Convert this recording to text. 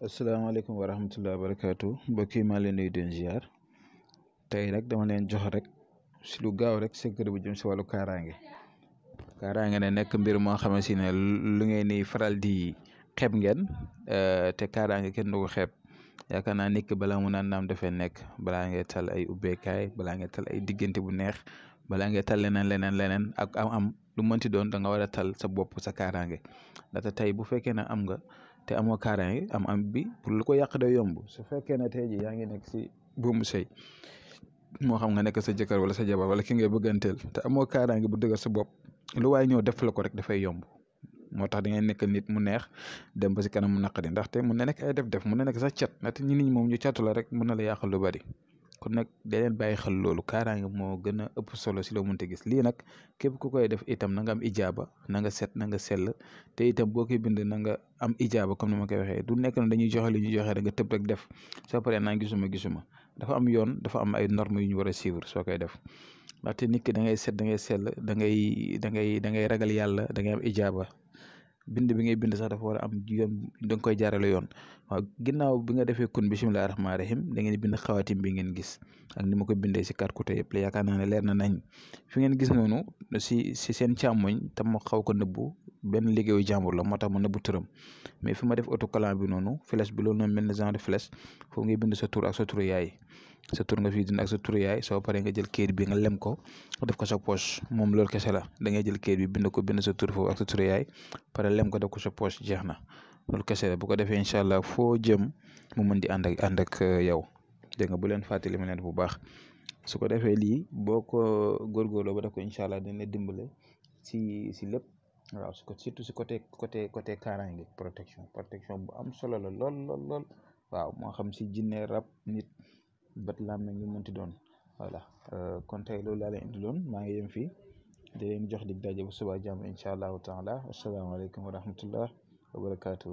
assalamu alaykum wa rahmatullahi wa mbokk yi leen nuyu den ziar tay nag dama leen jox rek si lu gaaw rek secret bu jëm si walu karange karange ne nekk mbir moo xamante si ne lu ngeen ni faral di xeb ngeen eh, te karange kenn du ko xeeb yaakaar naa nekk balaa mu naan naam dafay nekk balaa ngay tal ay ubbeekaay balaa ngay tal ay diggante bu neex balaa ngay tal leneen leneen leneen ak am am lu mënti doon da nga war a tal sa bopp sa karange ndaxte tey bu fekkee ne am nga te amoo parrain am am bi pour lu ko yàq day yomb su fekkee ne tey jii yaa ngi nekk si buumu sëy moo xam nga nekk sa jëkkër wala sa jabar wala ki ngay bëgganteel te amoo kaaraange bu dëgër sa bopp lu waaye ñëw def la ko rek dafay yomb moo tax da ngay nekk nit mu neex dem ba si kanam mu naqari ndaxte mun na nekk ay def def mun na nekk sax cat ndaxte ñi nit ñi moom ñu la rek mun na la yàqal lu bari kon nag da leen bàyyi xel loolu kaaraange moo gën a ëpp solo si loo te gis lii nag képp ku koy def itam na nga am ijaaba na nga set na nga sell te itam boo koy bind na nga am ijaaba comme ni ma koy waxee du nekk na dañuy joxe li ñuy joxe da nga tëb rek def soo paree naa gisuma gisuma dafa am yoon dafa am ay normes yu ñu war a suivre soo koy def ndaxte te ki da ngay set da ngay sell da ngay da ngay da ngay ragal yàlla da ngay am ijaaba bind bi ngay bind sax dafa war a am yoon da nga koy jaarale yoon waaw ginnaaw bi nga defee kun bisimilah rahmaani rahim da ngeen bind xawaatim bi ngeen gis ak ni ma ko bindee si quatre côté yëpp la yaakaar leer na nañ fi ngeen gis noonu si si seen càmmoñ tam ma xaw ko nëbbu benn liggéeyu jàmbur la moo tax ma nëbbu turam mais fi ma def autocollant bi noonu flèche bi loolu noonu mel na genre de flèche foofu ngay bind sa tur ak sa turu yaay sa tur nga fiy dindi ak sa tur yaay soo paree nga jël kayit bi nga lem ko def ko sa poche moom loolu kese la da ngay jël kayit bi bind ko bind sa tur fo ak sa tur yaay pare lem ko def ko sa poche jeex na loolu bu ko defee incha allah foo jëm mu mën di ànd ak ànd ak euh, yow dégg nga bu leen fàttali ma leen bu baax su ko defee lii boo ko góorgóorloo ba def ko incha dina si si lépp. waaw su ko surtout si côté côté côté kaaraange protection protection bu am solo la lol lol lol waaw moo xam si jinne rab nit bët làmmiñ lu mënti doon voilà euh, kon tey loolu laa leen indiloon maa ngi yem fii di leen jox dig daje bu subaa jàmm incha allahu taala asalaamaaleykum wa rahmatullah wa barakaatu.